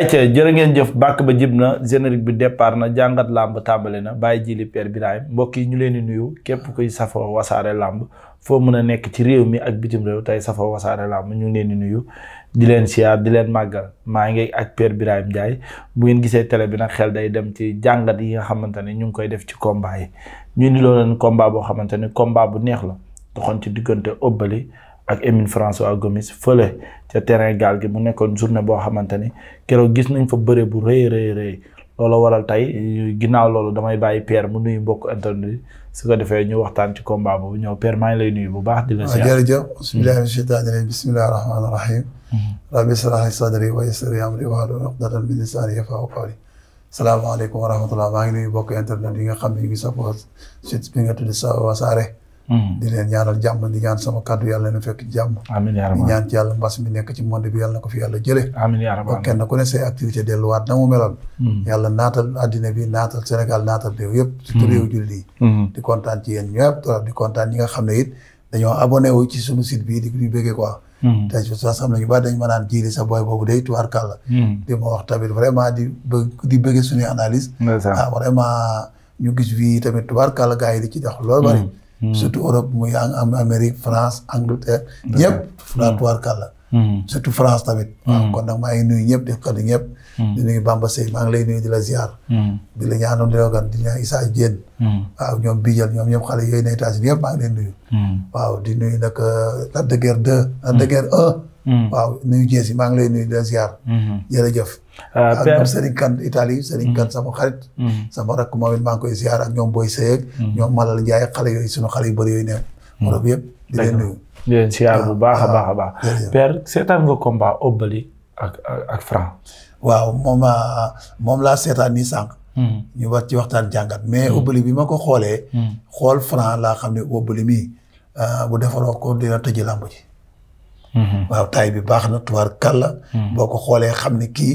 ayca jërë ngeen jëf bàkk ba jib na générique bi départ na jàngat làmb tàmbali na bàyyi jili Père Birahim mbokk yi ñu leen di nuyu képp kuy safoo wasaare làmb foo mën a nekk ci réew mi ak bitim réew tey safoo wasaare làmb ñu ngi leen di nuyu di leen siyaar di leen màggal maa ngi ak Père Birahim Ndiaye bu ngeen gisee télé bi nag xel day dem ci jàngat yi nga xamante ne ñu ngi koy def ci combat yi ñu indi leen combat boo xamante ne combat bu neex la doxoon ci diggante Obeuli ak Émile ak Gomis fële ca terrain gaal gi mu nekkoon journée boo xamante ni keroog gis nañ fa bëre bu rëy rëy rëy loolu waral tey ginnaaw loolu damay bàyyi Pierre mu nuyu mbokk internet yi su ko defee ñu waxtaan ci combat boobu ñëw Pierre maa ngi lay nuyu bu baax. di la ah, ziar jërëjëf. Hmm. bismillahi mina shaytaani rajim bismillahi rahmaani rahim. Hmm. rabbi israh li sadri wa yassir li amri wahlul uqdatan min wa rahmatullah maa ngi nuyu mbokk internet yi nga xam ne ñu ngi sa poche bi nga tudd Wassare Mm-hmm. di leen ñaanal jàmm di ñaan sama kàddu yàlla na fekk jàmm amiin yaa rabbi di ñaan ci yàlla mbas mi nekk ci monde bi yàlla na ko fi yàlla jëlee amiin yaa rabbi ba kenn ku ne say activité delluwaat na mu meloon mm-hmm. naatal addina bi naatal Sénégal naatal réew yëpp surtout mm-hmm. réew julli di kontaan ci yéen ñëpp di kontaan ñi nga xam ne it dañoo abonné ci suñu site bii di ñu bëggee quoi te sa xam nañu dañ ma naan jiili sa booy boobu day tubaarkàlla di ma wax tamit vraiment di bëggee suñuy analyse ah vraiment ñu gis fii tamit tubaarkàlla gars yi di ci dox loolu bari Hmm. surtout Europe muy am Amérique France Angleterre. ñëpp fulaatuwaar hmm. kàlla. Hmm. surtout France tamit. waaw kon nag maa ngi nuyu ñëpp def kàddu ñëpp. di nuyu Bamba Seye maa ngi lay nuyu di la ziar. di la ñaanal di la di ñaan Issa Diène. waaw ñoom Bijal ñoom ñëpp xale yooyu ne États-Unis yëpp maa ngi leen nuyu. waaw di nuyu nag euh, Lac de Guiers 2. Lac de Guiers Hmm. waaw nuyu Jeesi maa ngi lay nuyu di la ziar. Hmm. jërëjëf. Uh, ak ñoom Serigne Kane Italie Serigne hmm. sama xarit. sama rakk moom it maa koy ziar ak ñoom Boy Seye. ñoom Malal Ndiaye xale yooyu sunu xale yu bëri yooyu nekk. Europe yëpp di leen bu baax a baax a baax. Père seetaan nga combat Obali ak ak waaw ah, moom laa seetaan nii sànq. ñu war ci waxtaan jàngat mais Obali bi ma ko xoolee. xool Franc laa xam ne obli mii ah, bu defaroo ko dina tëj làmb ji. Mm-hmm. waaw taay bi baax na tuwaar kàlla. Mm-hmm. boo ko xoolee xam ne kii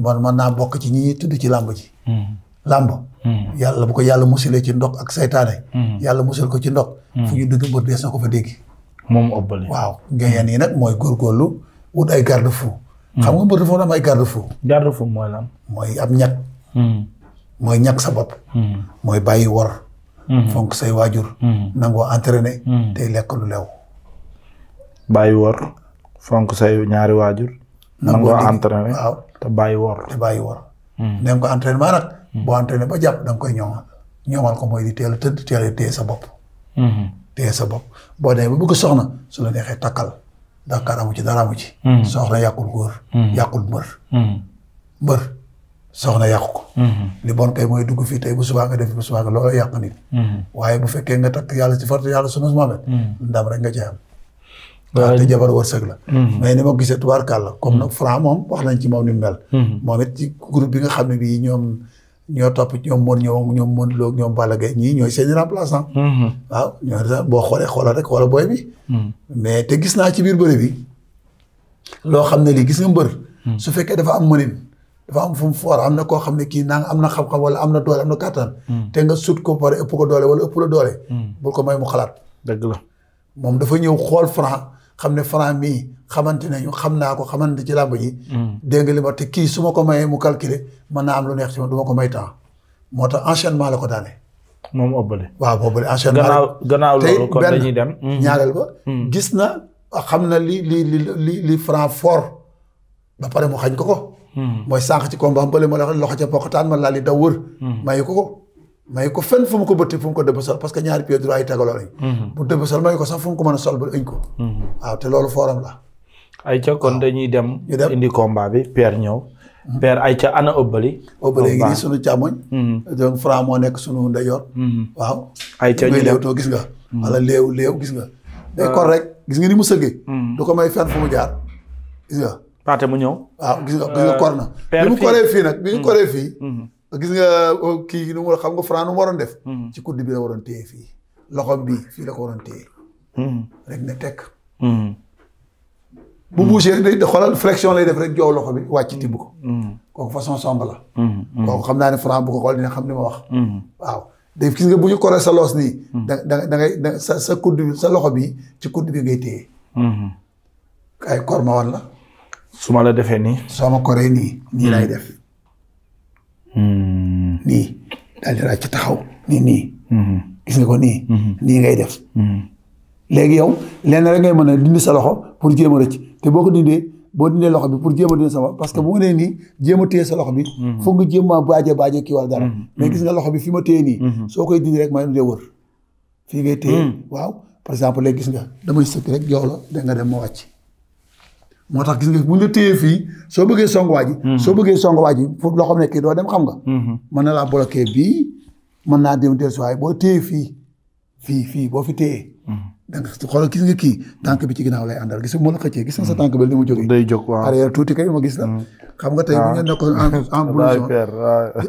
man mën naa bokk ci ñi tudd ci làmb ji. Mm-hmm. làmb. yàlla bu ko yàlla musalee ci ndox ak seytaane yàlla musal ko ci ndox. fu ñu dugg mbët dees na ko fa dégg. moom ëbbali waaw ngeen yi nag mooy góorgóorlu wut ay garde fou. xam nga mbër dafa am ay garde fou. garde fou mooy lan. mooy am ñag. mooy ñag sa bopp. mooy bàyyi wor. fonk say waajur. nangoo entraîné. tey lekk lu lew. bàyyi wor fonk say ñaari waajur. nangoo entraîné waaw te bàyyi wor. te bàyyi wor. nee hmm. ko entraînement nag. Hmm. boo entraîné ba jàpp da koy ñoŋal. ñoŋal ko mooy di teel a tëdd teel a téye sa bopp. Hmm. téye sa bopp boo dee ba bëgg soxna su la neexee takkal Dakar amu ci dara amu ci. soxna yàqul góor. yàqul mbër. mbër soxna yàqu ko. li bon kay mooy dugg fii tey bu subaa nga def bu subaa nga looloo yàq nit. waaye bu fekkee nga takk yàlla ci farata yàlla sunu Muhammad. ndam rek waaw te jabar wërsëg la mm-hmm. mais ni ma gisee tubaarkàlla comme nag mm-hmm. franc moom wax nañ ci moom ni mu mel mm-hmm. moom it ci bi nga xam ne bii ñoom ñoo topp ñoom moon ñoo ñoom moon loog ñoom Balla Gaye ñii boo xoolee xoolal rek wala booy bi mais te gis naa ci biir bëri bi loo xam ne lii gis nga mbër su fekkee dafa am mënin dafa am fu mu foor am na koo xam ne kii naa am na xam-xam wala am na doole am na kàttan te nga sut ko pare ëpp ko doole wala ëpp la doole bul ko may mu la moom dafa xam ne franc mii xamante nañu xam naa ko xamante ci làmb yi mm. dégg nga li ma te kii su ma ko mayee mu calculer mën naa am lu neex ci man du ko may temps moo tax enchaînement la ko daane. moom ëppale. waaw boobule enchaînement gannaaw dem mm. ñaareel ba. Mm. gis na xam na li li li li li franc fort ba pare mu xañ ko ko. mooy sànq ci combat mbële ma loxo ca pokkataan ma laal li daw wër. mayu ko ko. may ko fenn fu mu ko bëtti fu mu ko dëbb sol parce que ñaari pied droit yi tegaloo lañ mhm. bu dëbb sol may ko sax fu mu ko mën a sol ba ëñ ko mhm. waaw te loolu fooram la ayca kon dañuy dem indi combat bi Père ñëw mhm. Père ayca ana ëbbali ëbbali ngi nii sunu càmmoñ donc Franc moo nekk sunu ndeyoor waaw ayca ñu léew too gis nga wala léew léew gis nga day euh. kor rek gis nga ni mu sëggee du ko may fenn fu mu jaar gis mu ñëw waaw gis nga gis nga kor euh, gis nga oh, kii nu mu xam nga Franc nu mu waroon def. Hmm. ci kudd bi la waroon téye fii. loxom bii fii la ko waroon téye. Hmm. rek hmm. xoolal flexion lay def rek joow loxo bi wàcc tibb ko. kooku façon somb la. kooku xam naa ne Franc bu ko xool dina xam ni ma wax. waaw day gis nga bu ñu koree sa loos nii. da da da ngay sa sa kudd bi sa loxo bi ci kudd bi ngay téye. ay kor ma wan la. su la defee nii. soo ma koree nii nii lay def. nii daal di ràcc taxaw nii nii. gis nga ko nii. nii ngay def. léegi yow lenn rek ngay mën a dindi sa loxo pour jéem a rëcc te boo ko dindee boo dindee loxo bi pour jéem a dindi sama parce que bu ma nee nii jéem a téye sa loxo bi. foog nga jéem a baaje baaje kii wala dara. mais gis nga loxo bi fi ma téye nii. soo koy dindi rek maa ngi wër. fii ngay téye waaw par exemple léegi gis nga damay sëkk rek yow la da dem ma wàcc. moo tax gis nga bu ñu la téyee fii soo bëggee song waa ji hmm. soo bëggee song waa ji foofu ki doo dem xam nga hmm. mën na laa bloqué bii mën naa dem dellusiwaay boo téye fii fii fii boo fi téyee hmm. danga xoolal gis nga kii tànk bi ci ginnaaw lay àndal gis nga moo la xëccee gis nga sa tànk bi li mu jógee. day jóg waaw arrière tuuti kay ma gis la. Mm. xam nga tey bu ñu ah. nekkoon en en blouson.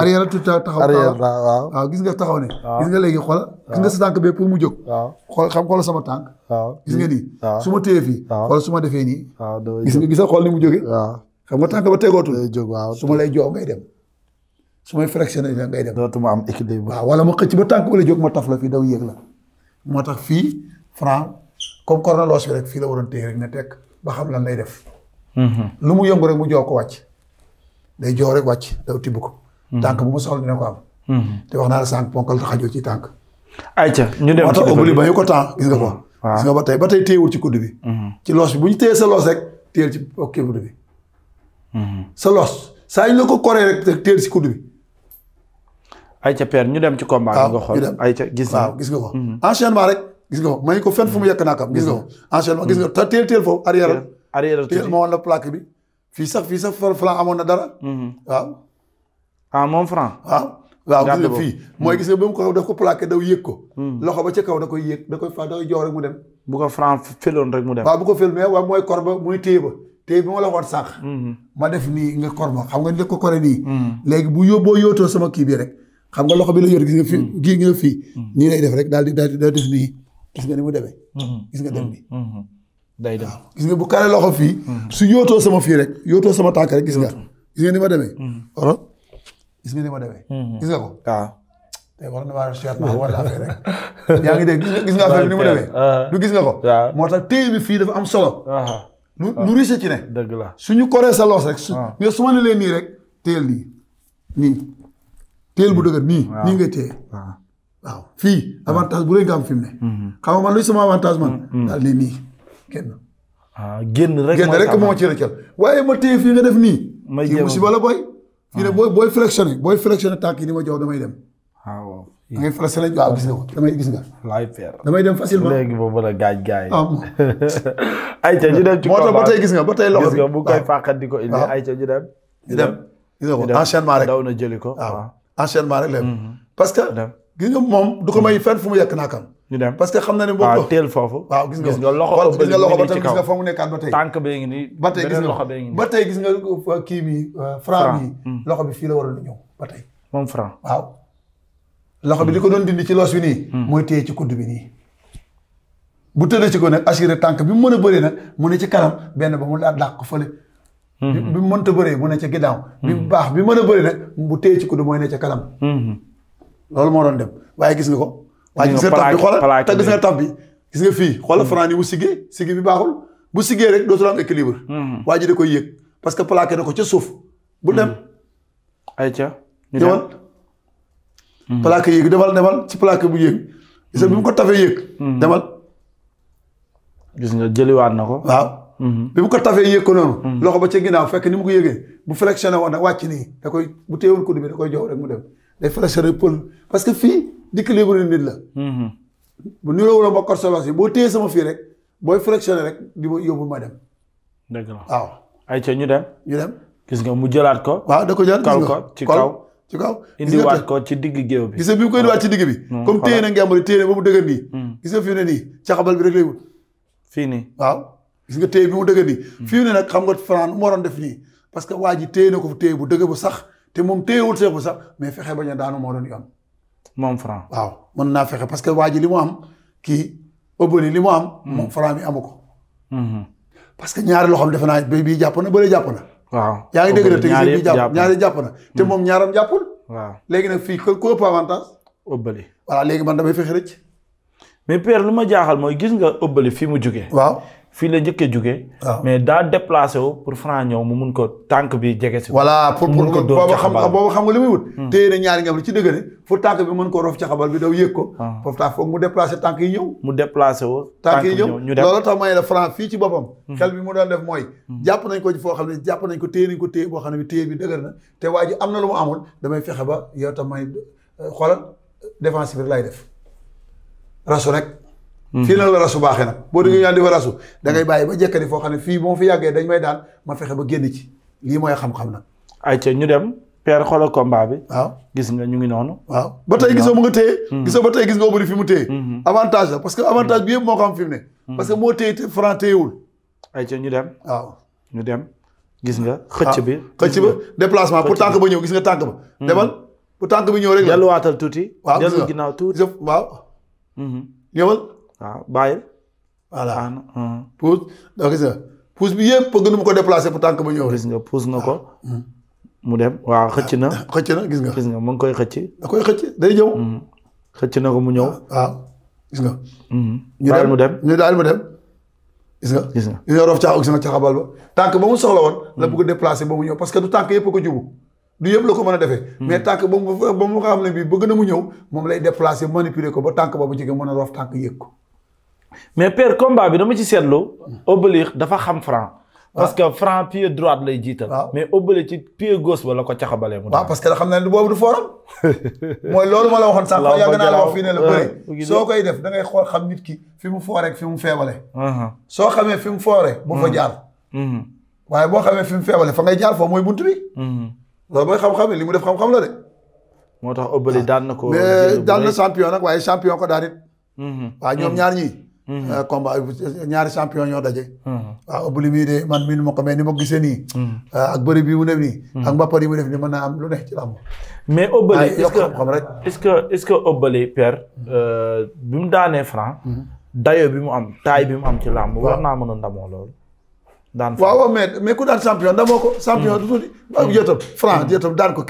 arrière taxaw arrière ah, gis nga ne. gis léegi xool gis nga ah. sa mu jóg. waaw xool xam xoolal sama tànk. waaw gis ma téye fii. waaw su ma defee nii. waaw gis nga gis nga xool ni mu jógee. waaw xam nga tànk ba tegootul. day jóg waaw su ma lay joo ngay dem. su may ngay dem. dootuma am équilibre. waaw wala ma xëcc ba tànk ba la jóg ma taf la fii daw yéeg la moo tax fii franc comme coronalos bi rek fii la waroon téye rek ne tekk ba xam lan lay def. Mhm. lu mu yëngu rek mu joo ko wàcc. day joo rek wàcc daw tibb ko. Mhm. tànk bu mu soxla dina ko am. Mhm. te wax naa la sànq ponkal xajoo ci tànk. ayca ñu dem ci dëgg ba gis nga ko. gis nga ba tey ba tey téyewul ci kudd bi. ci loos bi bu ñu téye sa loos rek téyel ci kii kudd bi. sa loos saa ñu ko koree rek téyel ci ñu dem ci combat. ba xool ayca gis nga waaw gis nga ko. enchaînement rek. gis nga ko may ko fen fu mu yekk naa kam gis nga ko mm-hmm. enchaînement gis nga mm-hmm. te teel teel foofu arrière arrière teel ma la plaque bi fii sax fii sax franc amoon na dara mm-hmm. waaw ah, moom franc waaw waaw gis nga fii mooy gis ba mu ko daf ko plaqué daw yéeg ko mm. loxo ba ca kaw da koy yéeg da koy fa da koy jox bu ko franc féloon rek mu dem waaw ko fél mooy kor ba muy téye ba téye bi ma la xoon sànq ma def nii nga kor ba xam nga ni ko kore nii mm. léegi bu yóbboo yootoo sama kii bi rek xam nga loxo bi la yóot gis nga fii mm. gii nii lay def rek daal di daal di def nii gis nga ni mu demee. Mm-hmm. gis nga dem bi. Mm-hmm. Mm-hmm. day dem gis nga bu kare loxo fii. su yootoo sama fii rek yootoo sama tànk rek gis nga. gis ma demee. gis nga ni ma gis nga ko. Ah. waaw. na maa seet naa war yaa ngi dégg gis nga bi ni demee. du gis ko. Ah. moo tax téye bi fii dafa am solo. lu ah. lu riche ci ne. dëgg la suñu koree sa loos rek. su su ma ne leen nii rek téyel nii nii téyel bu dëgër nii nii nga téye. waaw fii avantage bu rëy nga am ne. Mhm. xam man luy sama avantage man. Mhm. daal ne nii kenn. Ah, génn rek génn rek moo ci rëccal waaye ma téye fii nga def nii. may ah. ni ma jox damay dem. Ah, waaw. da ngay flexionné waaw gis nga ko damay gis nga. laay peer damay dem facilement léegi boobu la gaaj gaaj. ayca ñu dem ci combat moo gis nga ba tey loxo bi gis nga bu koy fàqat ko indi ayca ñu ñu dem gis nga ko enchaînement rek daw na jëli ko waaw enchaînement rek la mhm. parce que gis nga moom du ko may mm. fenn fu mu yekk naakam ñu dem parce que xam na ne boo ah, teel foofu waaw gis nga gis nga loxo ba gis nga ba tam gis nga fa mu nekkaat ba tey gis nga uh, kii bi uh, franc bi mm. loxo bi fii la waroon ñëw ba tey moom franc waaw loxo bi li ko doon dindi ci loos bi nii mm. mooy téye ci kudd bi nii bu tëddee ci ko nag assuré tànk bi mu mën a bëree nag mu ne ci kanam benn ba mu daa dàq ko fële mm-hmm. bi mu mënta bëree mu ne ca ginnaaw bi mm-hmm. baax bi mën a bëree nag bu téye ci kudd mooy ne ca kanam mm-hmm. loolu moo doon dem waaye gis nga ko. waaye gis nga taf bi xoolal te gis nga taf bi gis nga fii xoolal hmm. Franc ni mu siggee siggi bi baaxul bu siggee rek dootul am équilibre. Hmm. waa ji da koy yëg parce que plaqué na ko ca suuf. bu dem. Hmm. ayca ñu dem demal. plaqué yëg demal demal ci plaqué bu yéeg gis nga mu ko tafee yëg. demal. gis nga jëliwaat na ko. waaw. bi mu ko tafee yëg ko noonu. loxo ba ca ginnaaw fekk ni mu ko yëgee bu flexionné woon nag wàcc nii da koy bu téyewoon kudd bi da koy jox rek mu dem. day fraîcheur pël parce que fii dikk libre nit la. Mm-hmm. bu niroo wala ma corsolos yi boo téye sama fii rek booy fractionné rek di ma yóbbu ma dem. dëgg la waaw. ay ca ñu dem. ñu dem gis nga mu jëlaat ko. waaw da ko jël gis nga ci kaw. ci kaw indiwaat ko ci digg géew bi. gis nga bi mu koy indiwaat bi. Mm, comme téye na ngeen téye na ba mu dëgër nii. Mm. gis nga bi rek lay fii nii waaw. gis nga téye bi mu dëgër nii. Mm. fi mu ne nag xam nga Franc moo waroon def nii parce que waa ji téye na ko téye bu dëgër bu sax. te moom téyewul Cheikh bu sax mais fexe ba a daanu moo doon yoon. moom Franc waaw mën naa fexe parce que waa ji li mu am kii Obali li mu am. Hmm. moom Franc mi amu ko. Hmm. parce que ñaari loxoom defe naa béy bii jàpp na bële jàpp na. waaw yaa ngi dégg de te ñaari jàpp na hmm. moom ñaaram jàppul. waaw léegi nag fii ko ëpp avantage. Obali voilà léegi man damay fexe rëcc. mais père lu ma jaaxal mooy gis nga Obali fi mu jugee. waaw fii la njëkkee jugee. mais daa déplacé wu pour Franc ñëw mu mun ko tànk bi jege si. voilà pour pour boobu xam boobu xam nga li muy wut. Hmm. téye na ñaari ngam li ci dëgg ne fu tànk bi mën koo rof ci xabal bi daw yéeg ko. Ah. foofu tax foog mu déplacé tànk yi déplacé wu tànk yi ñëw ñu def loolu ma ne la Franc fii ci boppam. Hmm. xel bi mu doon def mooy. Hmm. jàpp nañ ko foo xam ne jàpp nañ ko téye nañ ko téye boo xam bi dëgër na te waa ji am na lu mu amul damay fexe ba yow tam may xoolal défense bi lay def rasu rek Mm-hmm. fii nag la rasu baaxee nag boo duggee mm-hmm. ñaan di fa rasu da bàyyi ba jëkkati foo xam ne fii boo fi yàggee dañ may daan ma fexe ba génn ci lii mooy xam-xam nag ay ca ñu dem père xoolal combat bi waaw gis nga ñu ngi noonu waaw ba tey gisoo mu nga téye mm-hmm. gisoo ba tey gis nga fi mu téye avantage la parce que avantage bi yëpp moo ko am fi mu ne parce que ñu dem waaw ñu dem gis nga xëcc ah, bi xëcc ba déplacement pour tànk ba ñëw gis nga tànk ba demal pour tànk bi ñëw rek la tuuti waaw dellu ginnaaw tuuti waaw ñëwal waaw bàyyil. voilà pousse donc gis nga pousse bi yëpp bëgg na mu ko déplacer bu tànk ba ñëw. gis nga pousse na ko. Ah, mu dem waaw ah, xëcc na. Ah, xëcc na gis nga. gis nga mu ngi koy xëcc. da koy xëcc day ñëw. xëcc na ko mu ñëw. waaw gis nga. ñu daal mu dem ñu daal mu dem. gis nga gis nga ñu roof caaxaan gis nga caxabal ba tànk ba mu soxla woon. la bëgg déplacer ba mu ñëw parce que du tànk yëpp ko jubu. du yëpp la ko mën a defee. mais tànk ba mu ba mu xam ne bii bëgg na mu ñëw moom lay déplacer manipuler ko ba tànk ba bu mën a roof tànk yëg ko. mais père combat bi dama ci seetlu Obélix dafa xam Franc parce que Franc pied droite lay jiital mais Obélix ci pied gauche ba la ko caxabalee mu waaw parce que da xam ne du boobu du fooram mooy loolu ma la waxoon sax yàgg naa la wax fii ne la bëri soo koy def da xool xam nit ki fi mu fooree fi mu feebale uh-huh. soo xamee fi mu fooree bu fa uh-huh. jaar uh-huh. waaye boo xamee fi mu feebale fa ngay jaar foofu mooy bunt bi loolu mooy xam-xam li mu def xam-xam la de moo tax Obélix daan na ko daal daan na champion nag waaye champion ko daan ñoom ñaar Mm-hmm. Euh, combat ñaari champion ñoo daje. Mm-hmm. waaw Obli de man miinu ma ko mais ni ma gisee nii. Mm-hmm. Euh, ak bëri bi mu def nii. ak mbappa yi mu def nii mën naa am lu ne ci làmb. mais Obli est ce que est ce que est ce que Obli père. Euh, bi mu daanee franc. dayo bi mu am taay bi mu am ci làmb. war naa mën a ndamoo loolu. daan fa waaw mais mais ku daan champion damoo ko. champion mm-hmm. du tuuti. Mm-hmm. Mm-hmm.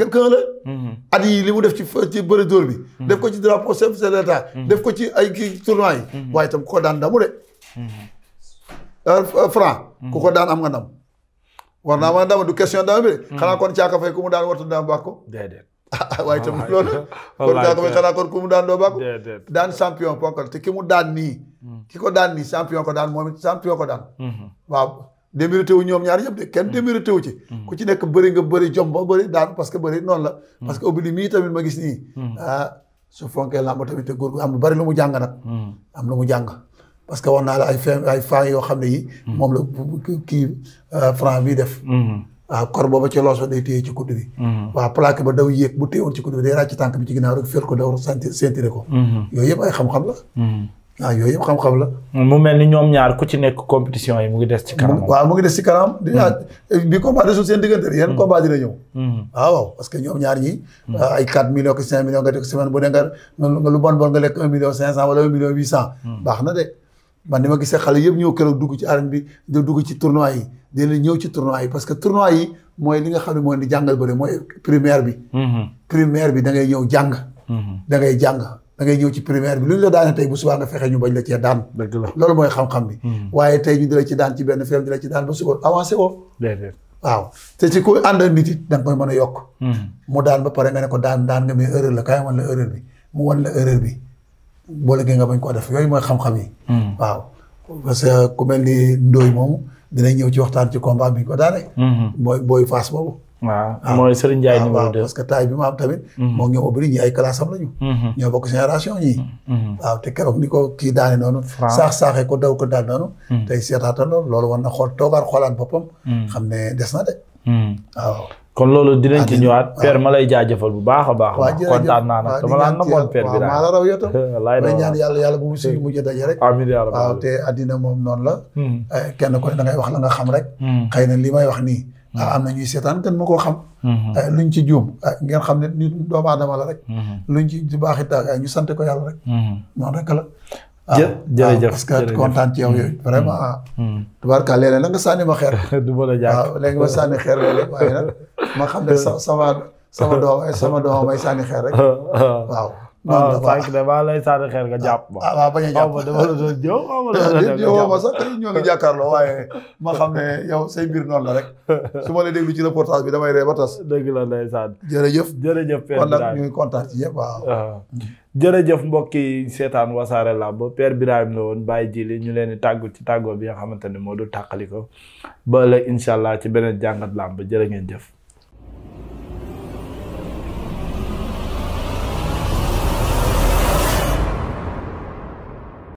yëtëb li mu def ci ci bëri dóor bi. def ko ci drapeau chef de def ko ci ay kii tournois yi. waaye itam ku ko daan damu de. Euh, euh, franc. ku ko daan am nga ndam. war naa mën a dama du question dama bi de. xanaa kon caaka fay ku mu daan wartu daan baax ko. déedéet. Ah, waaye itam loolu kon daan doo baax daan champion ponkal te ki mu daan nii. Mm. ki ko daan nii champion ko daan moom champion ko daan. démérité wu ñoom ñaar yëpp de kenn mm. démérité wu ci mm. ku ci nekk bëri nga bëri jom ba bëri daanu parce que bëri noonu la mm. parce que obili mii tamit ma gis nii ah su fonkee làmb tamit te góor am lu bari lu mu jàng nag am lu mu jàng parce que wax naa la ay fin ay fin yoo xam ne yi moom la kii euh, franc bi def waaw kor booba ci looso day téye ci kudd bi waaw plaque ba daw yéeg bu téyewoon ci kudd bi day ràcc tànk bi ci ginnaaw rek féer ko daw sentir ko yooyu yëpp ay xam-xam la waaw yooyu yëpp xam-xam la. mu mel ni ñoom ñaar ku ci nekk compétition yi mu ngi des ci kanam. waaw mu ngi des ci kanam. Hmm. bi combat desul seen diggante yenn hmm. combat dina hmm. ah, ah, bu dee lu bon bon nga lekk 1 million 500 wala 1 million 800. baax na de man ni ma gisee xale yëpp ñëw keroog dugg ci arène bi di dugg ci tournoi yi dina ñëw ci tournoi yi parce que tournoi yi mooy li nga xam ne mooy di jàngal bëri mooy primaire bi. primaire bi da da ngay ñëw ci première bi lu ñu la daane tey bu subaa nga fexe ñu bañ la cee daan loolu mooy xam-xam bi hmm. waaye tey ñu di la ci daan ci benn feem di la ci daan ba suba avancé woo waaw te ci ku ànd ak nit it da nga koy mën a yokk hmm. mu daan ba pare nga ne ko daan daan nga mais erreur la kaay wan la erreur bi mu wan la erreur bi boole gi nga bañ koo def yooyu mooy xam-xam yi hmm. waaw parce que ku mel ni ndóoy moomu dinañ ñëw ci waxtaan ci combat bi ñu ko daane mooy booy face boobu waaw ah, mooy Serigne Ndiaye ah, numéro 2 parce que taay bi ma am tamit. Mhm. moom ñoo ma bëri ñi ay classe am lañu. Mhm. ñoo bokk génération ñii. Mhm. waaw te keroog ni ko kii daane noonu. saax saaxee ko daw ko daal noonu. tey seetaata loolu loolu war na xool toogaat xoolaat boppam. xam ne des na de. waaw. kon loolu dinañ ci ñëwaat. waaw lay jaajëfal bu baax a baax. waaw jërëjëf kontaan naa maa la raw yow tam. ñaan yàlla yàlla bu mu suñu mujj daje rek. amiin waaw te addina moom noonu la. Eh, kenn ko ne da wax la nga xam rek. xëy na li may wax nii ah am na ñuy seetaan kan ma koo xam. Mhm. Ah, luñ ci juum ah, ngeen xam ne nit doomu aadama la rek. lu mhm. luñ ci baax it ah, ñu sant ko yàlla rek. Mhm. noonu rek la. jë jërëjëf parce que kontaan ci yow yooyu vraiment. tubaarka léeg-léeg la nga sànni ma xeer. du ma la jàkk waaw ma sànni xeer léeg ma xam ne sama sama doom ay doom may sànni xeer rek waaw. waaw sànq de maa lay sànni xeer nga jàpp ma. waaw bañ a jàpp ma la doon jëw ma sax tey ñoo ngi jàkkaarloo waaye ma xam ne yow say mbir noonu la rek su ma la déglu ci reportage bi damay ree ba tas. dëgg la ndeysaan. jërëjëf jërëjëf. Père Birahim kon nag ah. mbokk yi seetaan wasaare làmb Père Birahim la woon bàyyi Jili ñu leen di tàggu ci tàggoo bi nga xamante ne moo du tàqali ko ba la incha ci beneen jàngat làmb jëre ngeen jëf